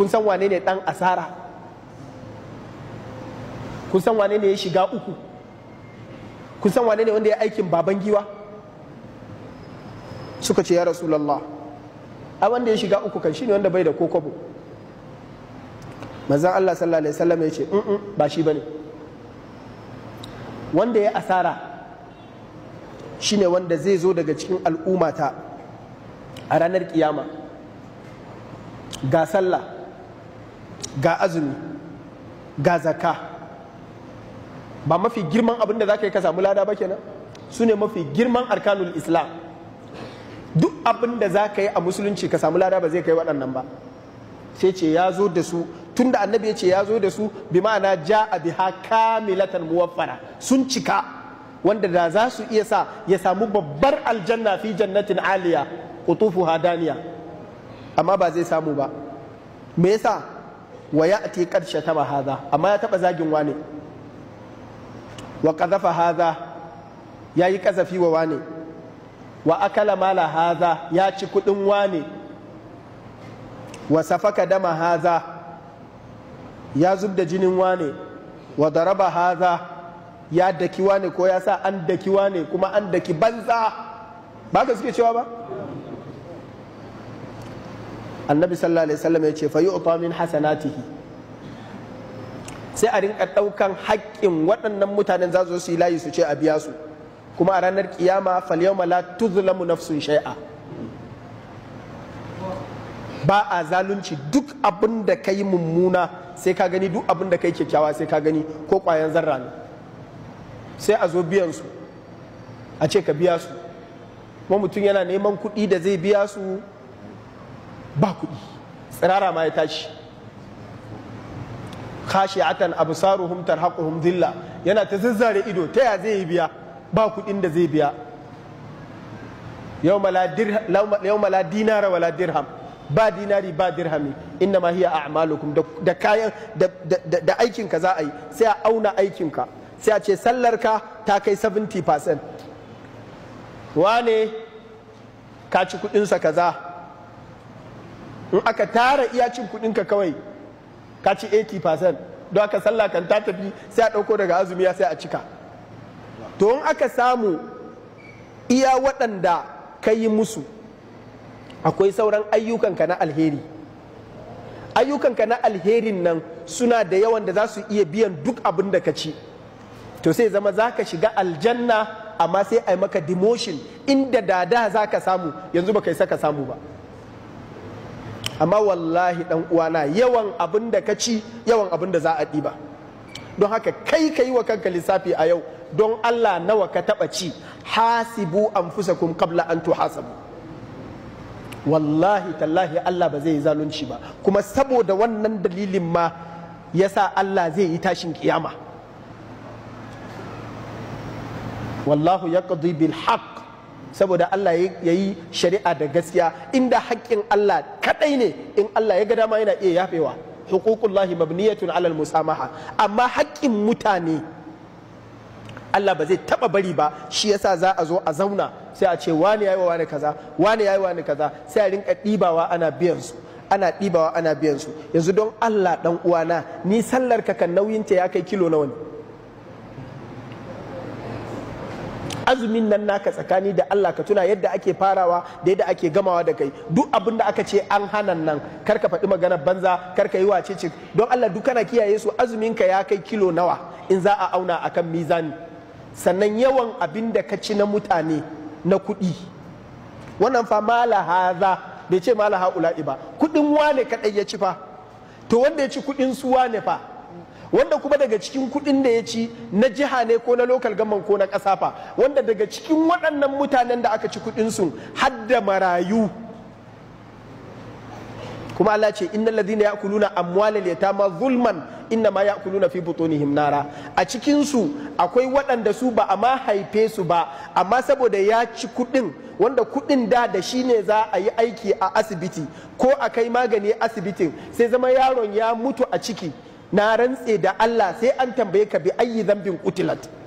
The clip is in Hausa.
kun san wane ne dan asara kun san wane ne ya shiga uku kun san wane ne wanda ya aikin baban giwa suka ce ya rasulallah a wanda ya shiga uku kan shine wanda bai da kokobo manzan Allah sallallahu alaihi wasallam ya ce ba shi ba ne. wanda ya asara shine wanda zai zo daga cikin al'ummata a ranar kiyama ga sallah ga azumi ga zaka ba mafi girman abin da za ka yi ka samu lada ba kenan su ne mafi girman arkanul islam duk abin da za ka yi a musulunci ka samu lada ba zai kai waɗannan ba sai ce ya zo da su Tun da annabi ya ce ya zo da su bi ma'ana ja a biha kamilatan muwaffara sun cika wanda da za su iya sa ya samu babbar aljanna fi jannatin aliya qutufuha daniya amma ba zai samu ba me yasa wa ya'ti qad shatama hadha amma ya taba zagin wane wa haza ya yayi ƙazafi wa wane wa akala mala haza ya ci kuɗin wane wa safaka dama haza ya zub da jinin wane wa daraba haza ya daki wane ko ya sa an daki wane kuma an daki banza ba ka suke cewa ba annabi sallallahu alaihi wasallam ya ce fa yu'ta min hasanatihi sai a rinka ɗaukan haƙƙin waɗannan mutanen za su yi layi su ce a biya su kuma a ranar kiyama fal yawma la tuzlamu nafsun shay'a ba a zalunci duk abin da ka mummuna sai ka gani duk abin da ka kyakkyawa sai ka gani ko ƙwayan zarra ne sai a zo biyan su a ce ka biya su kuma mutum yana neman kuɗi da zai biya su ba kuɗi tsirara ma ya tashi khashi'atan absaruhum tarhaquhum dhilla yana ta zazzare ido ta ya zai biya ba kuɗin da zai biya yawma la dinara wala dirham ba dinari ba dirhami inna ma hiya a'malukum da kayan da aikinka za a yi sai a auna aikinka sai a ce sallar ka ta kai 70% wane ka ci kuɗinsa kaza in aka tara iya cin kuɗin ka kawai ka ci 80% don aka sallah kan ta tafi sai a ɗauko daga azumi sai a cika to in aka samu iya waɗanda ka yi musu akwai sauran ayyukanka na alheri ayyukanka na alherin nan suna da yawan da za su iya biyan duk abin da ka ci to sai zama za ka shiga aljanna amma sai a yi maka demotion inda da da za ka samu yanzu ba yi saka samu ba amma wallahi dan uwana yawan abin da ka ci yawan abin da za a ɗiba don haka kai ka yi wa kanka lissafi a yau don Allah nawa ka taɓa ci hasibu kun kabla an tuhasabu wallahi tallahi Allah ba zai yi zalunci ba kuma saboda wannan dalilin ma ya sa Allah zai yi tashin kiyama wallahu ya bil haqq saboda Allah ya yi shari'a da gaskiya inda haƙƙin Allah kaɗai ne in Allah ya ga dama yana iya yafewa Hukukun lahi mabniyatun alal musamaha amma haƙƙin mutane Allah ba zai taɓa bari ba shi yasa za a zo a zauna sai a ce wani yayi wa wani kaza wani yayi wa wani kaza sai a rinka ɗibawa ana biyan su ana ɗibawa ana biyan su yanzu don Allah dan uwana ni sallar ka kan nauyin ta ya kai kilo nawa ne azumin nan naka tsakani da Allah ka tuna yadda ake farawa da yadda ake gamawa da kai duk abin da aka ce an hana nan karka faɗi magana banza kar ka yi wace ce don Allah duk kana kiyaye su azumin ka ya kai kilo nawa in za a auna akan mizani sannan yawan abin da ka ci na mutane na kuɗi wannan fa mala haza bai ce mala haula'i ba kuɗin wane kaɗai ya ci fa to wanda ya ci kuɗin su wane fa wanda kuma daga cikin kuɗin da ya ci na jiha ne ko na lokal gaman ko na ƙasa fa wanda daga cikin waɗannan mutanen da aka ci kuɗinsu har hadda marayu kuma Allah ce innal ladina ya'kuluna amwalal yatama zulman inna ma ya'kuluna fi butunihim nara a cikin su akwai waɗanda su ba a ma haife su ba amma saboda ya ci kuɗin wanda kuɗin da da shi ne za a yi aiki a asibiti ko a kai magani asibitin sai zama yaron ya mutu a ciki na rantse da Allah sai an tambaye ka bi ayyi zambin kutilat